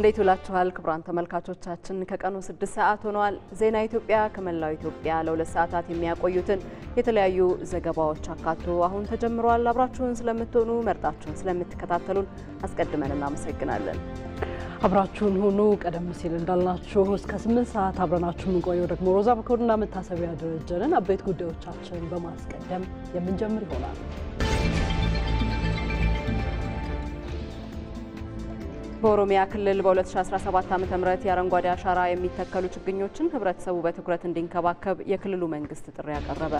እንዴት ውላችኋል ክቡራን ተመልካቾቻችን፣ ከቀኑ ስድስት ሰዓት ሆኗል። ዜና ኢትዮጵያ ከመላው ኢትዮጵያ ለሁለት ሰዓታት የሚያቆዩትን የተለያዩ ዘገባዎች አካቶ አሁን ተጀምሯል። አብራችሁን ስለምትሆኑ መርጣችሁን ስለምትከታተሉን አስቀድመን እናመሰግናለን። አብራችሁን ሁኑ። ቀደም ሲል እንዳልናችሁ እስከ ስምንት ሰዓት አብረናችሁ የምንቆየው ደግሞ ሮዛ መኮንንና መታሰቢያ ደረጀንን አበይት ጉዳዮቻችን በማስቀደም የምንጀምር ይሆናል። በኦሮሚያ ክልል በ2017 ዓ.ም የአረንጓዴ አሻራ የሚተከሉ ችግኞችን ህብረተሰቡ በትኩረት እንዲንከባከብ የክልሉ መንግስት ጥሪ አቀረበ።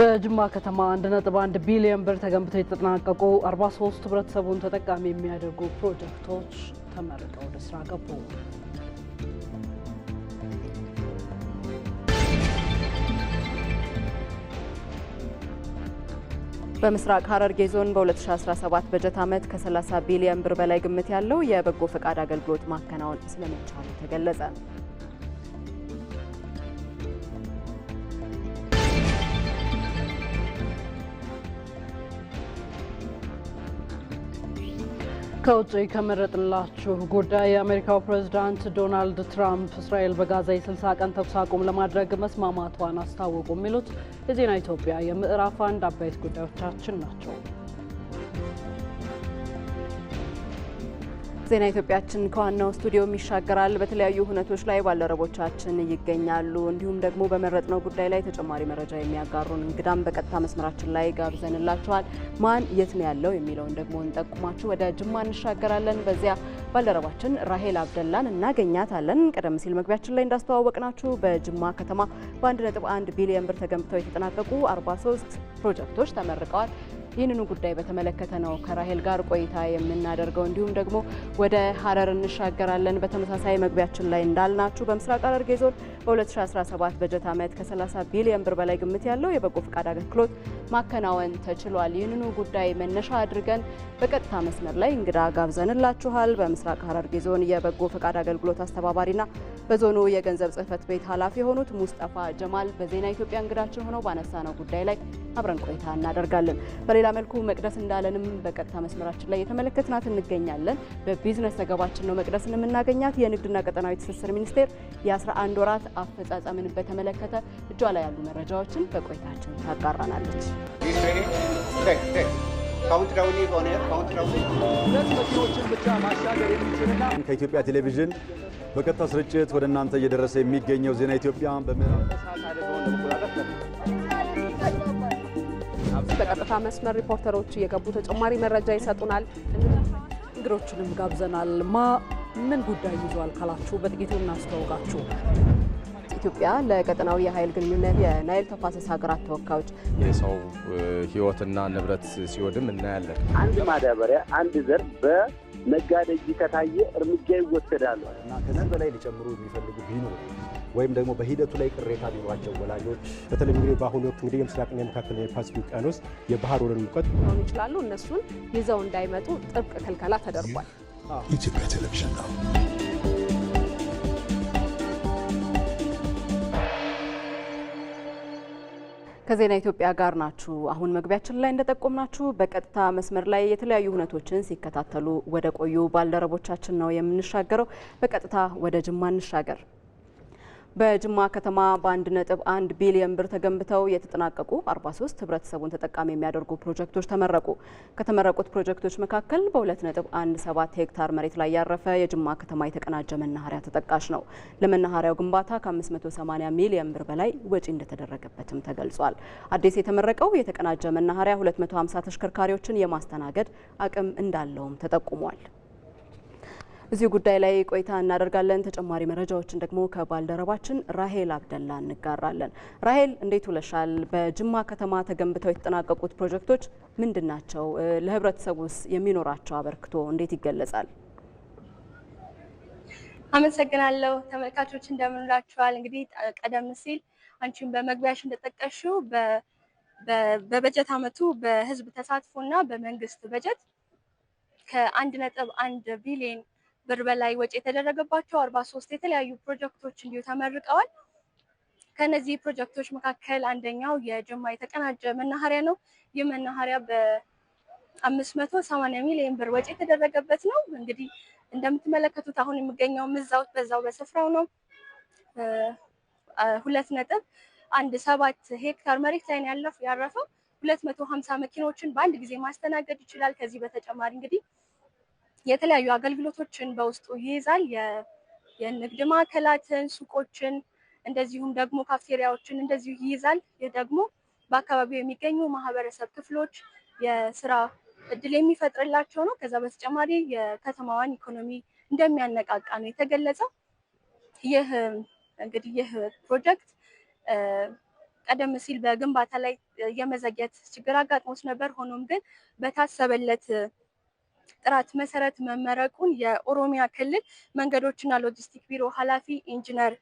በጅማ ከተማ 1.1 ቢሊዮን ብር ተገንብተው የተጠናቀቁ 43 ህብረተሰቡን ተጠቃሚ የሚያደርጉ ፕሮጀክቶች ተመርቀው ወደ ስራ ገቡ። በምስራቅ ሐረርጌ ዞን በ2017 በጀት ዓመት ከ30 ቢሊዮን ብር በላይ ግምት ያለው የበጎ ፈቃድ አገልግሎት ማከናወን ስለመቻሉ ተገለጸ። ከውጭ ከመረጥንላችሁ ጉዳይ የአሜሪካው ፕሬዝዳንት ዶናልድ ትራምፕ እስራኤል በጋዛ የስልሳ ቀን ተኩስ አቁም ለማድረግ መስማማቷን አስታወቁ። የሚሉት የዜና ኢትዮጵያ የምዕራፍ አንድ አበይት ጉዳዮቻችን ናቸው። ዜና ኢትዮጵያችን ከዋናው ስቱዲዮም ይሻገራል። በተለያዩ ሁነቶች ላይ ባልደረቦቻችን ይገኛሉ። እንዲሁም ደግሞ በመረጥነው ጉዳይ ላይ ተጨማሪ መረጃ የሚያጋሩን እንግዳም በቀጥታ መስመራችን ላይ ጋብዘንላችኋል። ማን የት ነው ያለው የሚለውን ደግሞ እንጠቁማችሁ ወደ ጅማ እንሻገራለን። በዚያ ባልደረባችን ራሄል አብደላን እናገኛታለን። ቀደም ሲል መግቢያችን ላይ እንዳስተዋወቅናችሁ በጅማ ከተማ በ1.1 ቢሊዮን ብር ተገንብተው የተጠናቀቁ 43 ፕሮጀክቶች ተመርቀዋል። ይህንኑ ጉዳይ በተመለከተ ነው ከራሄል ጋር ቆይታ የምናደርገው። እንዲሁም ደግሞ ወደ ሀረር እንሻገራለን። በተመሳሳይ መግቢያችን ላይ እንዳልናችሁ በምስራቅ ሐረርጌ ዞን በ2017 በጀት ዓመት ከ30 ቢሊዮን ብር በላይ ግምት ያለው የበጎ ፈቃድ አገልግሎት ማከናወን ተችሏል። ይህንኑ ጉዳይ መነሻ አድርገን በቀጥታ መስመር ላይ እንግዳ ጋብዘንላችኋል። በምስራቅ ሐረርጌ ዞን የበጎ ፈቃድ አገልግሎት አስተባባሪና በዞኑ የገንዘብ ጽህፈት ቤት ኃላፊ የሆኑት ሙስጠፋ ጀማል በዜና ኢትዮጵያ እንግዳችን ሆነው ባነሳ ነው ጉዳይ ላይ አብረን ቆይታ እናደርጋለን። በሌላ መልኩ መቅደስ እንዳለንም በቀጥታ መስመራችን ላይ የተመለከትናት እንገኛለን። በቢዝነስ ዘገባችን ነው መቅደስን የምናገኛት። የንግድና ቀጠናዊ ትስስር ሚኒስቴር የ11 ወራት አፈጻጸምን በተመለከተ እጇ ላይ ያሉ መረጃዎችን በቆይታችን ታጋራናለች። ከኢትዮጵያ ቴሌቪዥን በቀጥታ ስርጭት ወደ እናንተ እየደረሰ የሚገኘው ዜና ኢትዮጵያ በምዕራብ በቀጥታ መስመር ሪፖርተሮች እየገቡ ተጨማሪ መረጃ ይሰጡናል። እንግዶችንም ጋብዘናል። ማ ምን ጉዳይ ይዟል ካላችሁ በጥቂቱ እናስተዋውቃችሁ። ኢትዮጵያ ለቀጠናዊ የኃይል ግንኙነት የናይል ተፋሰስ ሀገራት ተወካዮች የሰው ሕይወትና ንብረት ሲወድም እናያለን። አንድ ማዳበሪያ፣ አንድ ዘር በነጋዴ ከታየ እርምጃ ይወሰዳሉ እና ከዚህ በላይ ሊጨምሩ የሚፈልጉ ቢኖር ወይም ደግሞ በሂደቱ ላይ ቅሬታ ቢኖራቸው ወላጆች በተለይ እንግዲህ በአሁኑ ወቅት እንግዲህ የምስራቅና የመካከል ፓሲፊክ ውቅያኖስ የባህር ወለል ሙቀት ሆኑ ይችላሉ። እነሱን ይዘው እንዳይመጡ ጥብቅ ክልከላ ተደርጓል። ኢትዮጵያ ቴሌቪዥን ነው። ከዜና ኢትዮጵያ ጋር ናችሁ። አሁን መግቢያችን ላይ እንደጠቆምናችሁ በቀጥታ መስመር ላይ የተለያዩ ሁነቶችን ሲከታተሉ ወደ ቆዩ ባልደረቦቻችን ነው የምንሻገረው። በቀጥታ ወደ ጅማ እንሻገር። በጅማ ከተማ በ1.1 ቢሊዮን ብር ተገንብተው የተጠናቀቁ 43 ህብረተሰቡን ተጠቃሚ የሚያደርጉ ፕሮጀክቶች ተመረቁ። ከተመረቁት ፕሮጀክቶች መካከል በ2.17 ሄክታር መሬት ላይ ያረፈ የጅማ ከተማ የተቀናጀ መናኸሪያ ተጠቃሽ ነው። ለመናኸሪያው ግንባታ ከ580 ሚሊዮን ብር በላይ ወጪ እንደተደረገበትም ተገልጿል። አዲስ የተመረቀው የተቀናጀ መናኸሪያ 250 ተሽከርካሪዎችን የማስተናገድ አቅም እንዳለውም ተጠቁሟል። እዚሁ ጉዳይ ላይ ቆይታ እናደርጋለን። ተጨማሪ መረጃዎችን ደግሞ ከባልደረባችን ራሄል አብደላ እንጋራለን። ራሄል እንዴት ውለሻል? በጅማ ከተማ ተገንብተው የተጠናቀቁት ፕሮጀክቶች ምንድን ናቸው? ለህብረተሰቡስ የሚኖራቸው አበርክቶ እንዴት ይገለጻል? አመሰግናለሁ። ተመልካቾች እንደምንላችኋል። እንግዲህ ቀደም ሲል አንቺን በመግቢያሽ እንደጠቀሽው በበጀት አመቱ በህዝብ ተሳትፎ እና በመንግስት በጀት ከአንድ ነጥብ አንድ ቢሊዮን ብር በላይ ወጪ የተደረገባቸው አርባ ሶስት የተለያዩ ፕሮጀክቶች እንዲሁ ተመርቀዋል። ከነዚህ ፕሮጀክቶች መካከል አንደኛው የጅማ የተቀናጀ መናኸሪያ ነው። ይህ መናኸሪያ በአምስት መቶ ሰማንያ ሚሊዮን ብር ወጪ የተደረገበት ነው። እንግዲህ እንደምትመለከቱት አሁን የሚገኘው ምዛውት በዛው በስፍራው ነው። ሁለት ነጥብ አንድ ሰባት ሄክታር መሬት ላይ ያለፍ ያረፈው ሁለት መቶ ሀምሳ መኪኖችን በአንድ ጊዜ ማስተናገድ ይችላል። ከዚህ በተጨማሪ እንግዲህ የተለያዩ አገልግሎቶችን በውስጡ ይይዛል። የንግድ ማዕከላትን፣ ሱቆችን፣ እንደዚሁም ደግሞ ካፍቴሪያዎችን እንደዚሁ ይይዛል። ይህ ደግሞ በአካባቢው የሚገኙ ማህበረሰብ ክፍሎች የስራ እድል የሚፈጥርላቸው ነው። ከዛ በተጨማሪ የከተማዋን ኢኮኖሚ እንደሚያነቃቃ ነው የተገለጸው። ይህ እንግዲህ ይህ ፕሮጀክት ቀደም ሲል በግንባታ ላይ የመዘግየት ችግር አጋጥሞት ነበር። ሆኖም ግን በታሰበለት ጥራት መሰረት መመረቁን የኦሮሚያ ክልል መንገዶችና ሎጂስቲክ ቢሮ ኃላፊ ኢንጂነር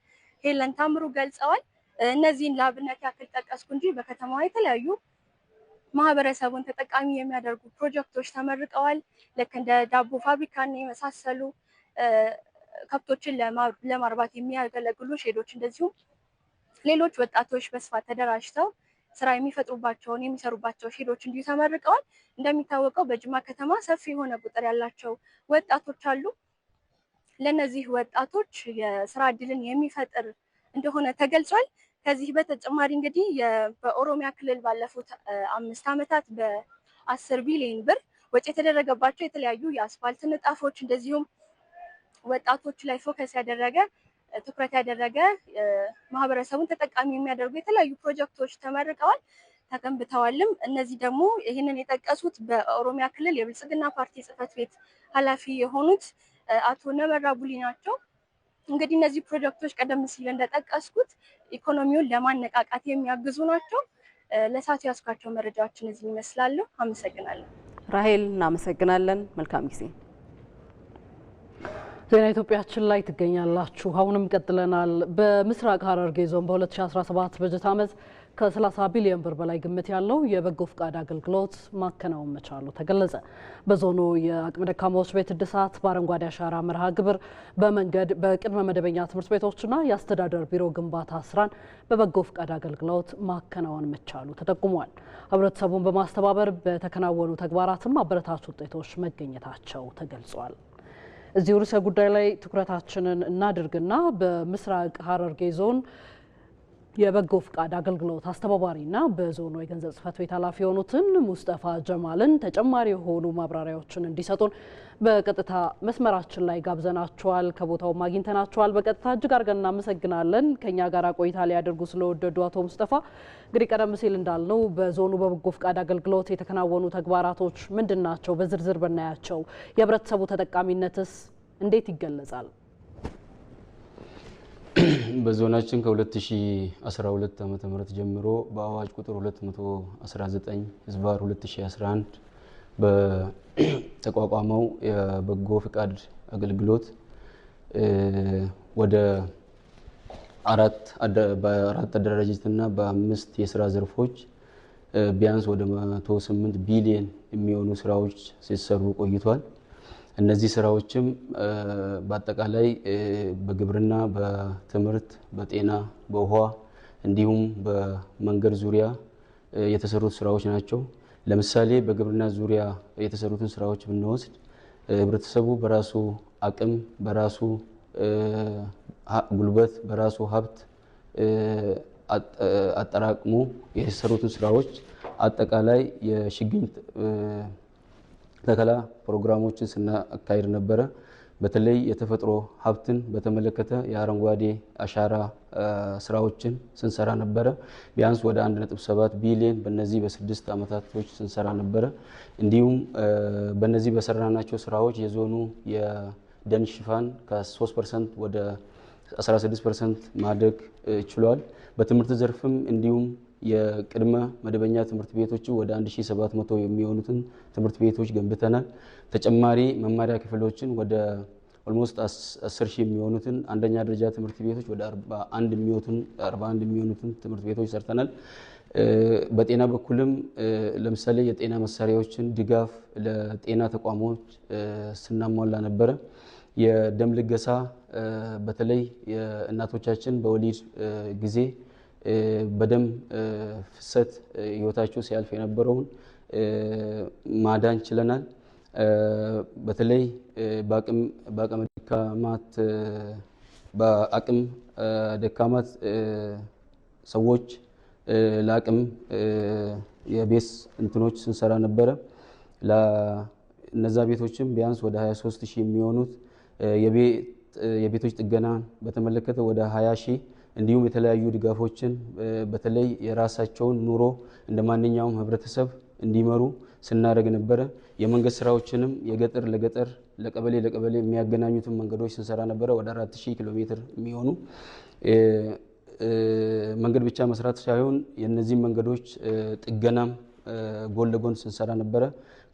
ሄለን ታምሩ ገልጸዋል። እነዚህን ለአብነት ያክል ጠቀስኩ እንጂ በከተማዋ የተለያዩ ማህበረሰቡን ተጠቃሚ የሚያደርጉ ፕሮጀክቶች ተመርቀዋል። ልክ እንደ ዳቦ ፋብሪካን የመሳሰሉ ከብቶችን ለማርባት የሚያገለግሉ ሼዶች፣ እንደዚሁም ሌሎች ወጣቶች በስፋት ተደራጅተው ስራ የሚፈጥሩባቸውን የሚሰሩባቸው ሼዶች እንዲሁ ተመርቀዋል። እንደሚታወቀው በጅማ ከተማ ሰፊ የሆነ ቁጥር ያላቸው ወጣቶች አሉ። ለእነዚህ ወጣቶች የስራ እድልን የሚፈጥር እንደሆነ ተገልጿል። ከዚህ በተጨማሪ እንግዲህ በኦሮሚያ ክልል ባለፉት አምስት ዓመታት በአስር ቢሊዮን ብር ወጪ የተደረገባቸው የተለያዩ የአስፋልት ንጣፎች እንደዚሁም ወጣቶች ላይ ፎከስ ያደረገ ትኩረት ያደረገ ማህበረሰቡን ተጠቃሚ የሚያደርጉ የተለያዩ ፕሮጀክቶች ተመርቀዋል ተገንብተዋልም። እነዚህ ደግሞ ይህንን የጠቀሱት በኦሮሚያ ክልል የብልጽግና ፓርቲ ጽህፈት ቤት ኃላፊ የሆኑት አቶ ነመራ ቡሊ ናቸው። እንግዲህ እነዚህ ፕሮጀክቶች ቀደም ሲል እንደጠቀስኩት ኢኮኖሚውን ለማነቃቃት የሚያግዙ ናቸው። ለሰዓቱ ያስኳቸው መረጃዎችን እዚህ ይመስላሉ። አመሰግናለሁ። ራሄል፣ እናመሰግናለን። መልካም ጊዜ ዜና ኢትዮጵያችን ላይ ትገኛላችሁ። አሁንም ቀጥለናል። በምስራቅ ሐረርጌ ዞን በ2017 በጀት ዓመት ከ30 ቢሊዮን ብር በላይ ግምት ያለው የበጎ ፍቃድ አገልግሎት ማከናወን መቻሉ ተገለጸ። በዞኑ የአቅመ ደካማዎች ቤት እድሳት፣ በአረንጓዴ አሻራ መርሃ ግብር፣ በመንገድ በቅድመ መደበኛ ትምህርት ቤቶችና የአስተዳደር ቢሮ ግንባታ ስራን በበጎ ፍቃድ አገልግሎት ማከናወን መቻሉ ተጠቁሟል። ህብረተሰቡን በማስተባበር በተከናወኑ ተግባራትም አበረታች ውጤቶች መገኘታቸው ተገልጿል። እዚሁ ርዕሰ ጉዳይ ላይ ትኩረታችንን እናድርግና በምስራቅ ሐረርጌ ዞን የበጎ ፍቃድ አገልግሎት አስተባባሪና በዞኑ የገንዘብ ጽፈት ቤት ኃላፊ የሆኑትን ሙስጠፋ ጀማልን ተጨማሪ የሆኑ ማብራሪያዎችን እንዲሰጡን በቀጥታ መስመራችን ላይ ጋብዘናቸዋል። ከቦታው አግኝተናቸዋል። በቀጥታ እጅግ አድርገን እናመሰግናለን ከእኛ ጋር ቆይታ ሊያደርጉ ስለወደዱ አቶ ሙስጠፋ። እንግዲህ ቀደም ሲል እንዳልነው በዞኑ በበጎ ፍቃድ አገልግሎት የተከናወኑ ተግባራቶች ምንድን ናቸው? በዝርዝር ብናያቸው የህብረተሰቡ ተጠቃሚነትስ እንዴት ይገለጻል? በዞናችን ከ2012 ም ጀምሮ በአዋጅ ቁጥር 219 ህዝባር 2011 በተቋቋመው የበጎ ፍቃድ አገልግሎት ወደ በአራት አደረጃጀትና በአምስት የስራ ዘርፎች ቢያንስ ወደ 108 ቢሊየን የሚሆኑ ስራዎች ሲሰሩ ቆይቷል። እነዚህ ስራዎችም በአጠቃላይ በግብርና፣ በትምህርት፣ በጤና፣ በውሃ እንዲሁም በመንገድ ዙሪያ የተሰሩት ስራዎች ናቸው። ለምሳሌ በግብርና ዙሪያ የተሰሩትን ስራዎች ብንወስድ ህብረተሰቡ በራሱ አቅም፣ በራሱ ጉልበት፣ በራሱ ሀብት አጠራቅሞ የተሰሩትን ስራዎች አጠቃላይ የችግኝ ተከላ ፕሮግራሞችን ስናካሄድ ነበረ። በተለይ የተፈጥሮ ሀብትን በተመለከተ የአረንጓዴ አሻራ ስራዎችን ስንሰራ ነበረ። ቢያንስ ወደ 1.7 ቢሊየን በነዚህ በስድስት ዓመታቶች ስንሰራ ነበረ። እንዲሁም በነዚህ በሰራናቸው ስራዎች የዞኑ የደን ሽፋን ከ3 ፐርሰንት ወደ 16 ፐርሰንት ማደግ ችሏል። በትምህርት ዘርፍም እንዲሁም የቅድመ መደበኛ ትምህርት ቤቶቹ ወደ 1700 የሚሆኑትን ትምህርት ቤቶች ገንብተናል። ተጨማሪ መማሪያ ክፍሎችን ወደ ኦልሞስት 10 ሺህ የሚሆኑትን አንደኛ ደረጃ ትምህርት ቤቶች ወደ 41 የሚሆኑትን 41 የሚሆኑትን ትምህርት ቤቶች ሰርተናል። በጤና በኩልም ለምሳሌ የጤና መሳሪያዎችን ድጋፍ ለጤና ተቋሞች ስናሟላ ነበረ። የደም ልገሳ በተለይ እናቶቻችን በወሊድ ጊዜ በደም ፍሰት ህይወታቸው ሲያልፍ የነበረውን ማዳን ችለናል። በተለይ በአቅም ደካማት በአቅም ደካማት ሰዎች ለአቅም የቤት እንትኖች ስንሰራ ነበረ። እነዛ ቤቶችም ቢያንስ ወደ 23 ሺህ የሚሆኑት የቤቶች ጥገና በተመለከተ ወደ 20 ሺህ እንዲሁም የተለያዩ ድጋፎችን በተለይ የራሳቸውን ኑሮ እንደ ማንኛውም ህብረተሰብ እንዲመሩ ስናደርግ ነበረ። የመንገድ ስራዎችንም የገጠር ለገጠር ለቀበሌ ለቀበሌ የሚያገናኙትን መንገዶች ስንሰራ ነበረ። ወደ 4000 ኪሎ ሜትር የሚሆኑ መንገድ ብቻ መስራት ሳይሆን የነዚህ መንገዶች ጥገናም ጎን ለጎን ስንሰራ ነበረ።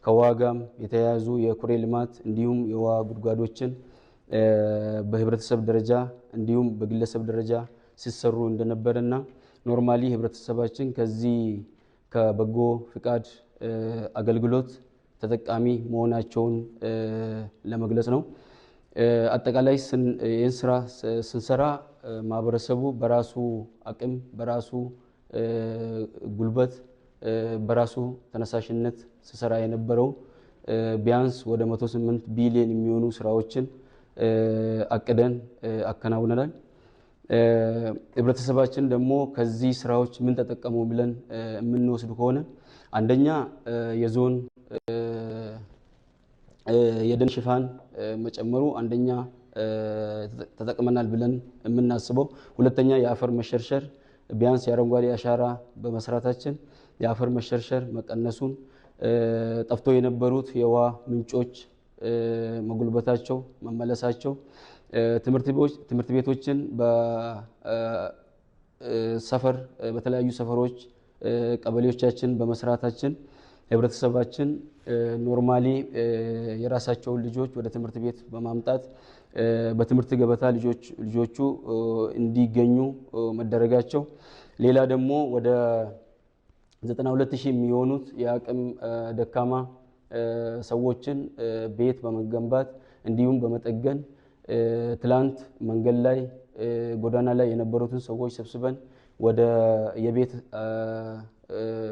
ከዋጋም የተያያዙ የኩሬ ልማት እንዲሁም የውሃ ጉድጓዶችን በህብረተሰብ ደረጃ እንዲሁም በግለሰብ ደረጃ ሲሰሩ እንደነበረና ኖርማሊ ህብረተሰባችን ከዚህ ከበጎ ፍቃድ አገልግሎት ተጠቃሚ መሆናቸውን ለመግለጽ ነው። አጠቃላይ ይህን ስራ ስንሰራ ማህበረሰቡ በራሱ አቅም፣ በራሱ ጉልበት፣ በራሱ ተነሳሽነት ስሰራ የነበረው ቢያንስ ወደ 108 ቢሊዮን የሚሆኑ ስራዎችን አቅደን አከናውነናል። ህብረተሰባችን ደግሞ ከዚህ ስራዎች ምን ተጠቀሙ ብለን የምንወስዱ ከሆነ አንደኛ የዞን የደን ሽፋን መጨመሩ አንደኛ ተጠቅመናል ብለን የምናስበው፣ ሁለተኛ የአፈር መሸርሸር ቢያንስ የአረንጓዴ አሻራ በመስራታችን የአፈር መሸርሸር መቀነሱን፣ ጠፍቶ የነበሩት የውሃ ምንጮች መጉልበታቸው መመለሳቸው ትምህርት ቤቶችን በሰፈር በተለያዩ ሰፈሮች ቀበሌዎቻችን በመስራታችን ህብረተሰባችን ኖርማሊ የራሳቸውን ልጆች ወደ ትምህርት ቤት በማምጣት በትምህርት ገበታ ልጆቹ እንዲገኙ መደረጋቸው፣ ሌላ ደግሞ ወደ 92 ሺህ የሚሆኑት የአቅም ደካማ ሰዎችን ቤት በመገንባት እንዲሁም በመጠገን ትላንት መንገድ ላይ ጎዳና ላይ የነበሩትን ሰዎች ሰብስበን ወደ የቤት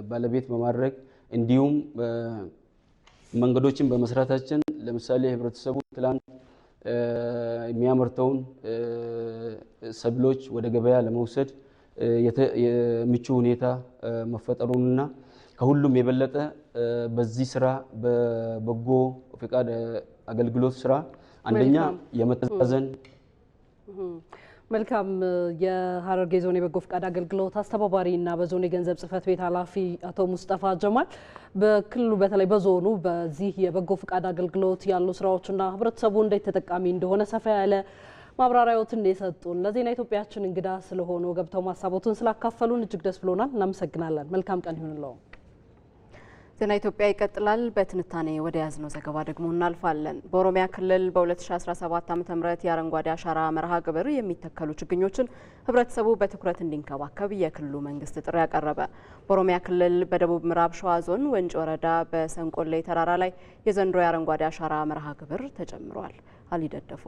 ባለቤት በማድረግ እንዲሁም መንገዶችን በመስራታችን ለምሳሌ ህብረተሰቡ ትላንት የሚያመርተውን ሰብሎች ወደ ገበያ ለመውሰድ ምቹ ሁኔታ መፈጠሩንና ከሁሉም የበለጠ በዚህ ስራ በበጎ ፈቃድ አገልግሎት ስራ አንደኛ የመተዛዘን መልካም የሀረርጌ ዞን የበጎ ፍቃድ አገልግሎት አስተባባሪ እና በዞን የገንዘብ ጽህፈት ቤት ኃላፊ አቶ ሙስጠፋ ጀማል በክልሉ በተለይ በዞኑ በዚህ የበጎ ፍቃድ አገልግሎት ያሉ ስራዎችና ህብረተሰቡ እንዴት ተጠቃሚ እንደሆነ ሰፋ ያለ ማብራሪያዎትን የሰጡን ለዜና ኢትዮጵያችን እንግዳ ስለሆኑ ገብተው ማሳቦቱን ስላካፈሉን እጅግ ደስ ብሎናል። እናመሰግናለን። መልካም ቀን ይሁንለው። ዜና ኢትዮጵያ ይቀጥላል። በትንታኔ ወደ ያዝነው ዘገባ ደግሞ እናልፋለን። በኦሮሚያ ክልል በ2017 ዓ ም የአረንጓዴ አሻራ መርሃ ግብር የሚተከሉ ችግኞችን ህብረተሰቡ በትኩረት እንዲንከባከብ የክልሉ መንግስት ጥሪ ያቀረበ። በኦሮሚያ ክልል በደቡብ ምዕራብ ሸዋ ዞን ወንጭ ወረዳ በሰንቆሌ ተራራ ላይ የዘንድሮ የአረንጓዴ አሻራ መርሃ ግብር ተጀምሯል። አሊ ደደፎ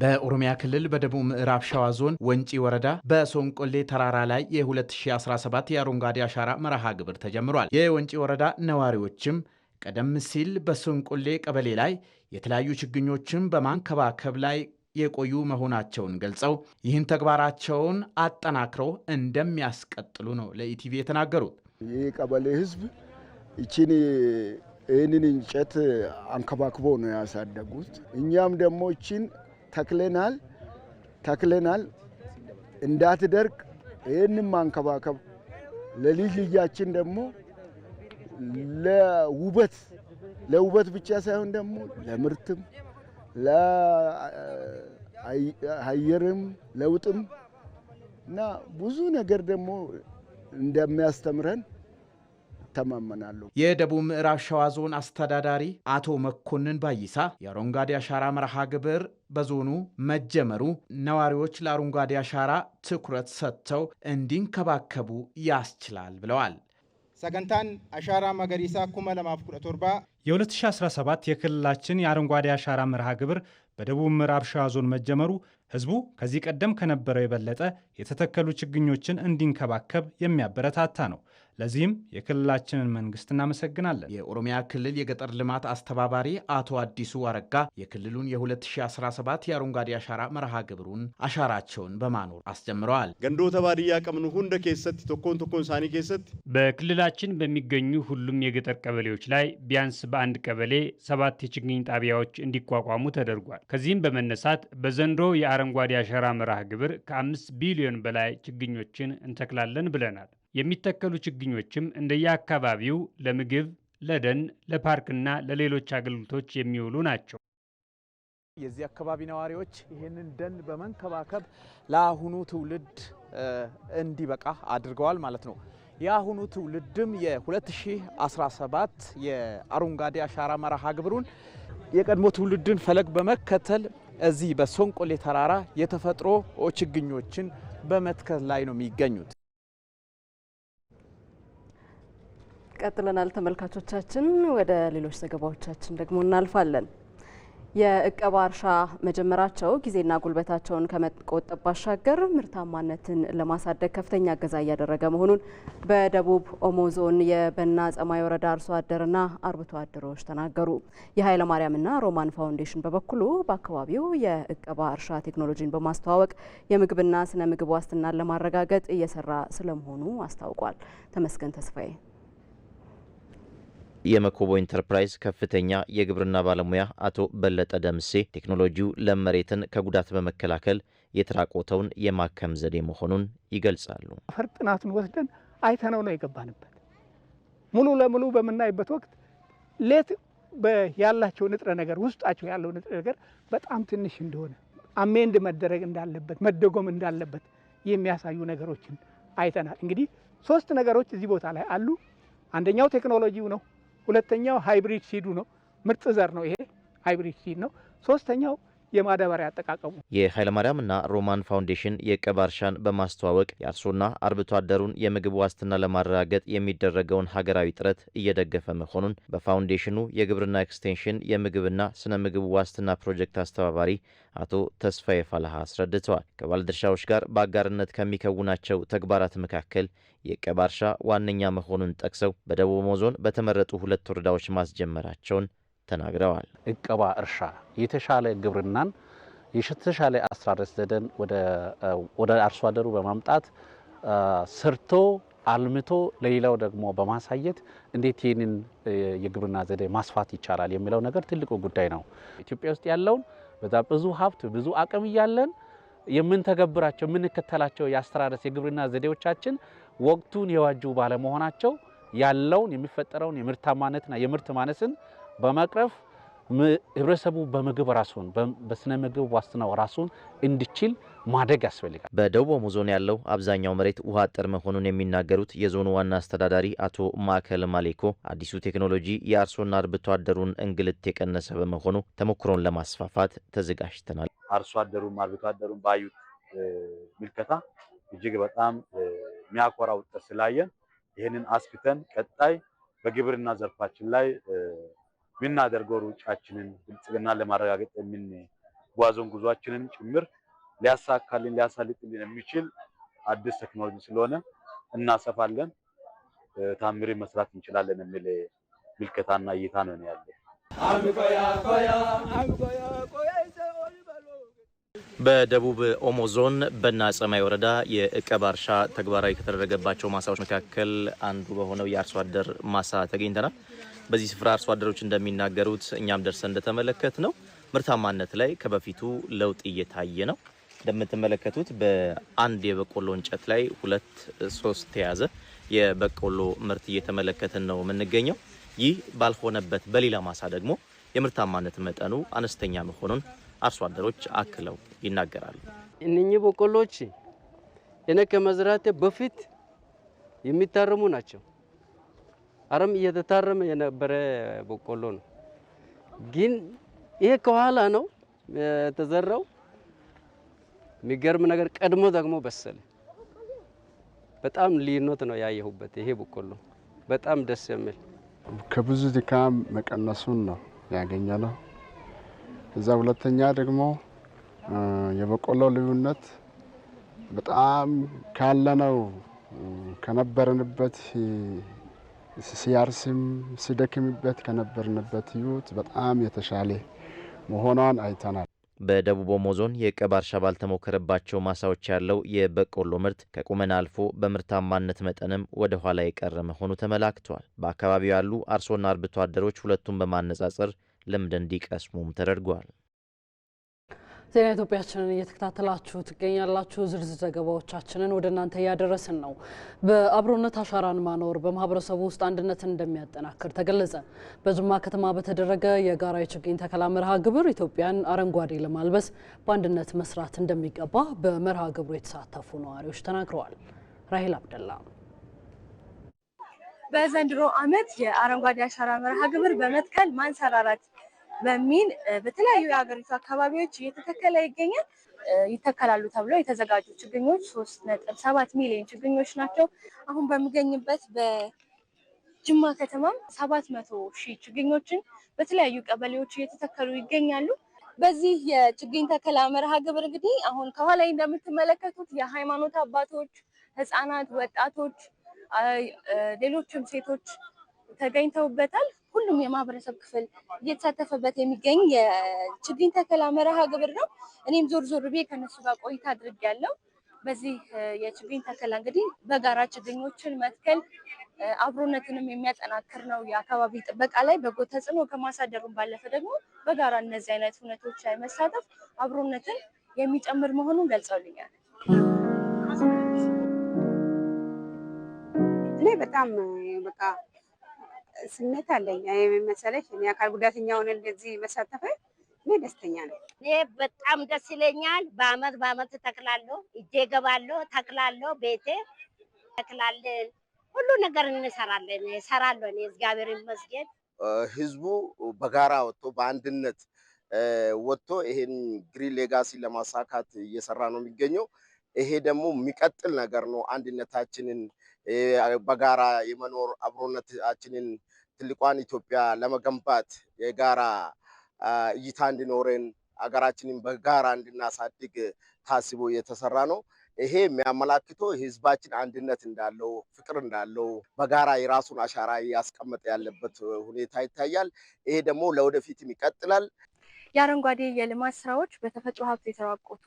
በኦሮሚያ ክልል በደቡብ ምዕራብ ሸዋ ዞን ወንጪ ወረዳ በሶንቆሌ ተራራ ላይ የ2017 የአረንጓዴ አሻራ መርሃ ግብር ተጀምሯል። የወንጪ ወረዳ ነዋሪዎችም ቀደም ሲል በሶንቆሌ ቀበሌ ላይ የተለያዩ ችግኞችን በማንከባከብ ላይ የቆዩ መሆናቸውን ገልጸው ይህን ተግባራቸውን አጠናክረው እንደሚያስቀጥሉ ነው ለኢቲቪ የተናገሩት። ይህ ቀበሌ ህዝብ ይችን ይህንን እንጨት አንከባክቦ ነው ያሳደጉት። እኛም ደግሞ ይችን ተክለናል ተክለናል እንዳትደርቅ ይህንም ማንከባከብ ለልጅ ልጃችን ደግሞ ለውበት ለውበት ብቻ ሳይሆን ደግሞ ለምርትም ለአየርም ለውጥም እና ብዙ ነገር ደግሞ እንደሚያስተምረን እተማመናለሁ። የደቡብ ምዕራብ ሸዋ ዞን አስተዳዳሪ አቶ መኮንን ባይሳ የአረንጓዴ አሻራ መርሃ ግብር በዞኑ መጀመሩ ነዋሪዎች ለአረንጓዴ አሻራ ትኩረት ሰጥተው እንዲንከባከቡ ያስችላል ብለዋል። ሰገንታን አሻራ መገሪሳ ኩመ ለማፍ ቁለቶርባ የ2017 የክልላችን የአረንጓዴ አሻራ መርሃ ግብር በደቡብ ምዕራብ ሸዋ ዞን መጀመሩ ህዝቡ ከዚህ ቀደም ከነበረው የበለጠ የተተከሉ ችግኞችን እንዲንከባከብ የሚያበረታታ ነው። ለዚህም የክልላችንን መንግስት እናመሰግናለን። የኦሮሚያ ክልል የገጠር ልማት አስተባባሪ አቶ አዲሱ አረጋ የክልሉን የ2017 የአረንጓዴ አሻራ መርሃ ግብሩን አሻራቸውን በማኖር አስጀምረዋል። ገንዶተ ባድያ ቀምኑ ሁንደ ኬሰት ቶኮን ቶኮን ሳኒ ኬሰት በክልላችን በሚገኙ ሁሉም የገጠር ቀበሌዎች ላይ ቢያንስ በአንድ ቀበሌ ሰባት የችግኝ ጣቢያዎች እንዲቋቋሙ ተደርጓል። ከዚህም በመነሳት በዘንድሮ የአረንጓዴ አሻራ መርሃ ግብር ከአምስት ቢሊዮን በላይ ችግኞችን እንተክላለን ብለናል። የሚተከሉ ችግኞችም እንደየአካባቢው ለምግብ፣ ለደን፣ ለፓርክና ለሌሎች አገልግሎቶች የሚውሉ ናቸው። የዚህ አካባቢ ነዋሪዎች ይህንን ደን በመንከባከብ ለአሁኑ ትውልድ እንዲበቃ አድርገዋል ማለት ነው። የአሁኑ ትውልድም የ2017 የአረንጓዴ አሻራ መርሃ ግብሩን የቀድሞ ትውልድን ፈለግ በመከተል እዚህ በሶንቆሌ ተራራ የተፈጥሮ ችግኞችን በመትከል ላይ ነው የሚገኙት። ቀጥለናል ተመልካቾቻችን። ወደ ሌሎች ዘገባዎቻችን ደግሞ እናልፋለን። የእቀባ እርሻ መጀመራቸው ጊዜና ጉልበታቸውን ከመቆጠብ ባሻገር ምርታማነትን ለማሳደግ ከፍተኛ እገዛ እያደረገ መሆኑን በደቡብ ኦሞ ዞን የበና ጸማይ ወረዳ አርሶ አደርና አርብቶ አደሮች ተናገሩ። የኃይለ ማርያምና ሮማን ፋውንዴሽን በበኩሉ በአካባቢው የእቀባ እርሻ ቴክኖሎጂን በማስተዋወቅ የምግብና ስነ ምግብ ዋስትናን ለማረጋገጥ እየሰራ ስለመሆኑ አስታውቋል። ተመስገን ተስፋዬ የመኮቦ ኢንተርፕራይዝ ከፍተኛ የግብርና ባለሙያ አቶ በለጠ ደምሴ ቴክኖሎጂው ለም መሬትን ከጉዳት በመከላከል የተራቆተውን የማከም ዘዴ መሆኑን ይገልጻሉ። አፈር ጥናቱን ወስደን አይተነው ነው የገባንበት። ሙሉ ለሙሉ በምናይበት ወቅት ሌት ያላቸው ንጥረ ነገር ውስጣቸው ያለው ንጥረ ነገር በጣም ትንሽ እንደሆነ አሜንድ መደረግ እንዳለበት መደጎም እንዳለበት የሚያሳዩ ነገሮችን አይተናል። እንግዲህ ሶስት ነገሮች እዚህ ቦታ ላይ አሉ። አንደኛው ቴክኖሎጂው ነው። ሁለተኛው ሃይብሪድ ሲዱ ነው። ምርጥ ዘር ነው። ይሄ ሃይብሪድ ሲድ ነው። ሶስተኛው የማዳበሪያ አጠቃቀሙ የኃይለማርያምና ሮማን ፋውንዴሽን የቀባ እርሻን በማስተዋወቅ የአርሶና አርብቶ አደሩን የምግብ ዋስትና ለማረጋገጥ የሚደረገውን ሀገራዊ ጥረት እየደገፈ መሆኑን በፋውንዴሽኑ የግብርና ኤክስቴንሽን የምግብና ስነ ምግብ ዋስትና ፕሮጀክት አስተባባሪ አቶ ተስፋዬ ፋላሃ አስረድተዋል። ከባለድርሻዎች ጋር በአጋርነት ከሚከውናቸው ተግባራት መካከል የቀብ እርሻ ዋነኛ መሆኑን ጠቅሰው በደቡብ ዞን በተመረጡ ሁለት ወረዳዎች ማስጀመራቸውን ተናግረዋል። እቀባ እርሻ የተሻለ ግብርናን የተሻለ አስተራረስ ዘዴን ወደ አርሶ አደሩ በማምጣት ሰርቶ አልምቶ ለሌላው ደግሞ በማሳየት እንዴት ይህንን የግብርና ዘዴ ማስፋት ይቻላል የሚለው ነገር ትልቁ ጉዳይ ነው። ኢትዮጵያ ውስጥ ያለውን በዛ ብዙ ሀብት ብዙ አቅም እያለን የምንተገብራቸው የምንከተላቸው የአስተራረስ የግብርና ዘዴዎቻችን ወቅቱን የዋጁ ባለመሆናቸው ያለውን የሚፈጠረውን የምርታማነትና የምርት ማነስን በመቅረፍ ህብረተሰቡ በምግብ ራሱን በስነ ምግብ ዋስትናው ራሱን እንዲችል ማደግ ያስፈልጋል። በደቡብ ኦሞ ዞን ያለው አብዛኛው መሬት ውሃ አጠር መሆኑን የሚናገሩት የዞኑ ዋና አስተዳዳሪ አቶ ማዕከል ማሌኮ አዲሱ ቴክኖሎጂ የአርሶና አርብቶ አደሩን እንግልት የቀነሰ በመሆኑ ተሞክሮን ለማስፋፋት ተዘጋጅተናል። አርሶ አደሩም አርብቶ አደሩም ባዩት ምልከታ እጅግ በጣም የሚያኮራ ውጤት ስላየን ይህንን አስፍተን ቀጣይ በግብርና ዘርፋችን ላይ የምናደርገው ሩጫችንን ብልጽግና ለማረጋገጥ የምንጓዘውን ጉዟችንን ጭምር ሊያሳካልን ሊያሳልጥልን የሚችል አዲስ ቴክኖሎጂ ስለሆነ እናሰፋለን፣ ታምሪ መስራት እንችላለን የሚል ምልከታና እይታ ነው ያለ። በደቡብ ኦሞ ዞን በና ጸማይ ወረዳ የእቀባ እርሻ ተግባራዊ ከተደረገባቸው ማሳዎች መካከል አንዱ በሆነው የአርሶ አደር ማሳ ተገኝተናል። በዚህ ስፍራ አርሶ አደሮች እንደሚናገሩት እኛም ደርሰን እንደተመለከት ነው ምርታማነት ላይ ከበፊቱ ለውጥ እየታየ ነው። እንደምትመለከቱት በአንድ የበቆሎ እንጨት ላይ ሁለት ሶስት የያዘ የበቆሎ ምርት እየተመለከትን ነው የምንገኘው። ይህ ባልሆነበት በሌላ ማሳ ደግሞ የምርታማነት መጠኑ አነስተኛ መሆኑን አርሶ አደሮች አክለው ይናገራሉ። እነኚህ በቆሎች እኔ ከመዝራቴ በፊት የሚታረሙ ናቸው። አረም እየተታረመ የነበረ በቆሎ ነው። ግን ይሄ ከኋላ ነው የተዘራው። የሚገርም ነገር ቀድሞ ደግሞ በሰለ። በጣም ልዩነት ነው ያየሁበት። ይሄ በቆሎ በጣም ደስ የሚል ከብዙ ድካም መቀነሱን ነው ያገኘ ነው። እዛ ሁለተኛ ደግሞ የበቆሎ ልዩነት በጣም ካለነው ከነበረንበት ሲያርስም ሲደክምበት ከነበርንበት ህይወት በጣም የተሻለ መሆኗን አይተናል። በደቡብ ኦሞ ዞን የቀብ ባልተሞከረባቸው ማሳዎች ያለው የበቆሎ ምርት ከቁመና አልፎ በምርታማነት መጠንም ወደ ኋላ የቀረ መሆኑ ተመላክቷል። በአካባቢው ያሉ አርሶና አርብቶ አደሮች ሁለቱን በማነጻጸር ልምድ እንዲቀስሙም ተደርጓል። ዜና ኢትዮጵያችንን እየተከታተላችሁ ትገኛላችሁ። ዝርዝር ዘገባዎቻችንን ወደ እናንተ እያደረስን ነው። በአብሮነት አሻራን ማኖር በማህበረሰቡ ውስጥ አንድነትን እንደሚያጠናክር ተገለጸ። በጅማ ከተማ በተደረገ የጋራ የችግኝ ተከላ መርሃ ግብር ኢትዮጵያን አረንጓዴ ለማልበስ በአንድነት መስራት እንደሚገባ በመርሃ ግብሩ የተሳተፉ ነዋሪዎች ተናግረዋል። ራሂል አብደላ በዘንድሮ ዓመት የአረንጓዴ አሻራ መርሃ ግብር በመትከል ማንሰራራት በሚል በተለያዩ የሀገሪቱ አካባቢዎች እየተተከለ ይገኛል። ይተከላሉ ተብለው የተዘጋጁ ችግኞች ሶስት ነጥብ ሰባት ሚሊዮን ችግኞች ናቸው። አሁን በምገኝበት በጅማ ከተማም ሰባት መቶ ሺህ ችግኞችን በተለያዩ ቀበሌዎች እየተተከሉ ይገኛሉ። በዚህ የችግኝ ተከላ መርሃ ግብር እንግዲህ አሁን ከኋላ እንደምትመለከቱት የሃይማኖት አባቶች፣ ህፃናት፣ ወጣቶች፣ ሌሎችም ሴቶች ተገኝተውበታል። ሁሉም የማህበረሰብ ክፍል እየተሳተፈበት የሚገኝ የችግኝ ተከላ መርሃ ግብር ነው። እኔም ዞር ዞር ቤ ከነሱ ጋር ቆይታ አድርጌያለሁ። በዚህ የችግኝ ተከላ እንግዲህ በጋራ ችግኞችን መትከል አብሮነትንም የሚያጠናክር ነው። የአካባቢ ጥበቃ ላይ በጎ ተጽዕኖ ከማሳደሩን ባለፈ ደግሞ በጋራ እነዚህ አይነት እውነቶች ላይ መሳተፍ አብሮነትን የሚጨምር መሆኑን ገልጸውልኛል። በጣም በቃ ስሜት አለኝ መሰለሽ። እኔ አካል ጉዳተኛውን እንደዚህ መሳተፈ እኔ ደስተኛ ነው። እኔ በጣም ደስ ይለኛል። በአመት በአመት ተክላለሁ፣ እጄ ገባለሁ፣ ተክላለሁ፣ ቤቴ ተክላለን፣ ሁሉ ነገር እንሰራለን፣ እሰራለሁ። እኔ እግዚአብሔር ይመስገን። ህዝቡ በጋራ ወጥቶ በአንድነት ወጥቶ ይሄን ግሪን ሌጋሲ ለማሳካት እየሰራ ነው የሚገኘው። ይሄ ደግሞ የሚቀጥል ነገር ነው አንድነታችንን በጋራ የመኖር አብሮነታችንን ትልቋን ኢትዮጵያ ለመገንባት የጋራ እይታ እንዲኖረን አገራችንን በጋራ እንድናሳድግ ታስቦ የተሰራ ነው። ይሄ የሚያመላክተው የህዝባችን አንድነት እንዳለው ፍቅር እንዳለው በጋራ የራሱን አሻራ እያስቀመጠ ያለበት ሁኔታ ይታያል። ይሄ ደግሞ ለወደፊትም ይቀጥላል። የአረንጓዴ የልማት ስራዎች በተፈጥሮ ሀብት የተራቆቱ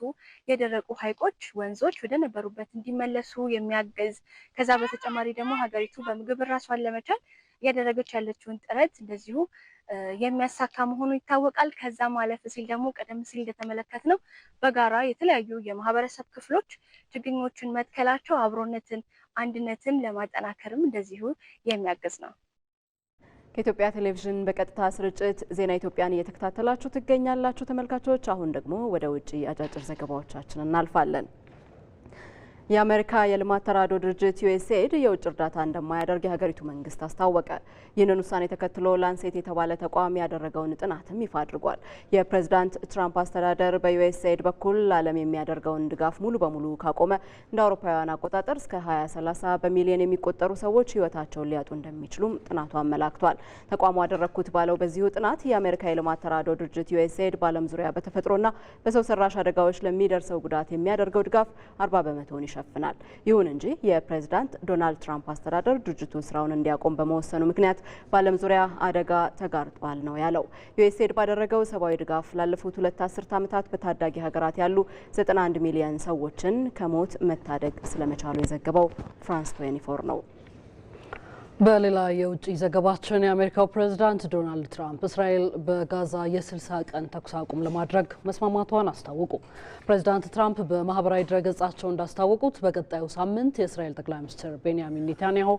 የደረቁ ሀይቆች ወንዞች ወደ ነበሩበት እንዲመለሱ የሚያገዝ ከዛ በተጨማሪ ደግሞ ሀገሪቱ በምግብ ራሷን ለመቻል እያደረገች ያለችውን ጥረት እንደዚሁ የሚያሳካ መሆኑ ይታወቃል። ከዛ ማለፍ ሲል ደግሞ ቀደም ሲል እንደተመለከት ነው በጋራ የተለያዩ የማህበረሰብ ክፍሎች ችግኞችን መትከላቸው አብሮነትን፣ አንድነትን ለማጠናከርም እንደዚሁ የሚያገዝ ነው። ከኢትዮጵያ ቴሌቪዥን በቀጥታ ስርጭት ዜና ኢትዮጵያን እየተከታተላችሁ ትገኛላችሁ ተመልካቾች። አሁን ደግሞ ወደ ውጭ አጫጭር ዘገባዎቻችን እናልፋለን። የአሜሪካ የልማት ተራድኦ ድርጅት ዩኤስኤድ የውጭ እርዳታ እንደማያደርግ የሀገሪቱ መንግስት አስታወቀ። ይህንን ውሳኔ ተከትሎ ላንሴት የተባለ ተቋም ያደረገውን ጥናትም ይፋ አድርጓል። የፕሬዚዳንት ትራምፕ አስተዳደር በዩኤስኤድ በኩል ለዓለም የሚያደርገውን ድጋፍ ሙሉ በሙሉ ካቆመ እንደ አውሮፓውያን አቆጣጠር እስከ 2030 በሚሊዮን የሚቆጠሩ ሰዎች ህይወታቸውን ሊያጡ እንደሚችሉም ጥናቱ አመላክቷል። ተቋሙ አደረግኩት ባለው በዚሁ ጥናት የአሜሪካ የልማት ተራድኦ ድርጅት ዩኤስኤድ በዓለም ዙሪያ በተፈጥሮና በሰው ሰራሽ አደጋዎች ለሚደርሰው ጉዳት የሚያደርገው ድጋፍ 40 በመቶውን ይሻል ይሸፍናል። ይሁን እንጂ የፕሬዝዳንት ዶናልድ ትራምፕ አስተዳደር ድርጅቱ ስራውን እንዲያቆም በመወሰኑ ምክንያት በዓለም ዙሪያ አደጋ ተጋርጧል ነው ያለው። ዩኤስኤድ ባደረገው ሰብአዊ ድጋፍ ላለፉት ሁለት አስርት ዓመታት በታዳጊ ሀገራት ያሉ 91 ሚሊዮን ሰዎችን ከሞት መታደግ ስለመቻሉ የዘገበው ፍራንስ 24 ነው። በሌላ የውጭ ዘገባችን የአሜሪካው ፕሬዝዳንት ዶናልድ ትራምፕ እስራኤል በጋዛ የ60 ቀን ተኩስ አቁም ለማድረግ መስማማቷን አስታወቁ። ፕሬዝዳንት ትራምፕ በማህበራዊ ድረገጻቸው እንዳስታወቁት በቀጣዩ ሳምንት የእስራኤል ጠቅላይ ሚኒስትር ቤንያሚን ኔታንያሁ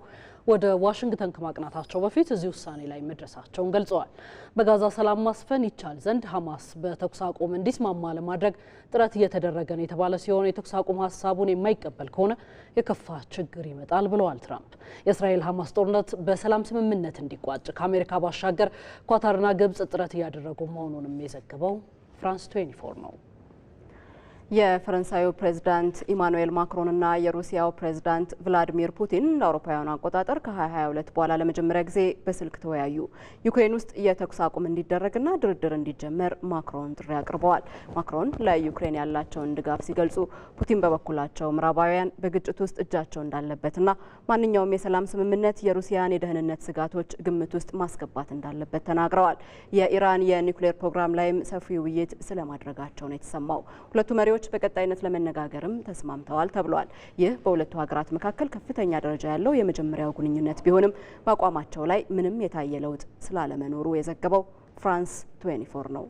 ወደ ዋሽንግተን ከማቅናታቸው በፊት እዚህ ውሳኔ ላይ መድረሳቸውን ገልጸዋል። በጋዛ ሰላም ማስፈን ይቻል ዘንድ ሐማስ በተኩስ አቁም እንዲስማማ ለማድረግ ጥረት እየተደረገ ነው የተባለ ሲሆን የተኩስ አቁም ሀሳቡን የማይቀበል ከሆነ የከፋ ችግር ይመጣል ብለዋል ትራምፕ። የእስራኤል ሐማስ ጦርነት በሰላም ስምምነት እንዲቋጭ ከአሜሪካ ባሻገር ኳታርና ግብጽ ጥረት እያደረጉ መሆኑንም የዘገበው ፍራንስ 24 ነው። የፈረንሳዩ ፕሬዝዳንት ኢማኑኤል ማክሮንና የሩሲያው ፕሬዝዳንት ቭላዲሚር ፑቲን ለአውሮፓውያኑ አቆጣጠር ከ2022 በኋላ ለመጀመሪያ ጊዜ በስልክ ተወያዩ። ዩክሬን ውስጥ የተኩስ አቁም እንዲደረግና ድርድር እንዲጀመር ማክሮን ጥሪ አቅርበዋል። ማክሮን ለዩክሬን ያላቸውን ድጋፍ ሲገልጹ፣ ፑቲን በበኩላቸው ምዕራባውያን በግጭት ውስጥ እጃቸው እንዳለበትና ማንኛውም የሰላም ስምምነት የሩሲያን የደህንነት ስጋቶች ግምት ውስጥ ማስገባት እንዳለበት ተናግረዋል። የኢራን የኒውክሌር ፕሮግራም ላይም ሰፊ ውይይት ስለማድረጋቸው ነው የተሰማው። ሁለቱ መሪዎች ጉዳዮች በቀጣይነት ለመነጋገርም ተስማምተዋል ተብሏል። ይህ በሁለቱ ሀገራት መካከል ከፍተኛ ደረጃ ያለው የመጀመሪያው ግንኙነት ቢሆንም በአቋማቸው ላይ ምንም የታየ ለውጥ ስላለመኖሩ የዘገበው ፍራንስ 24 ነው።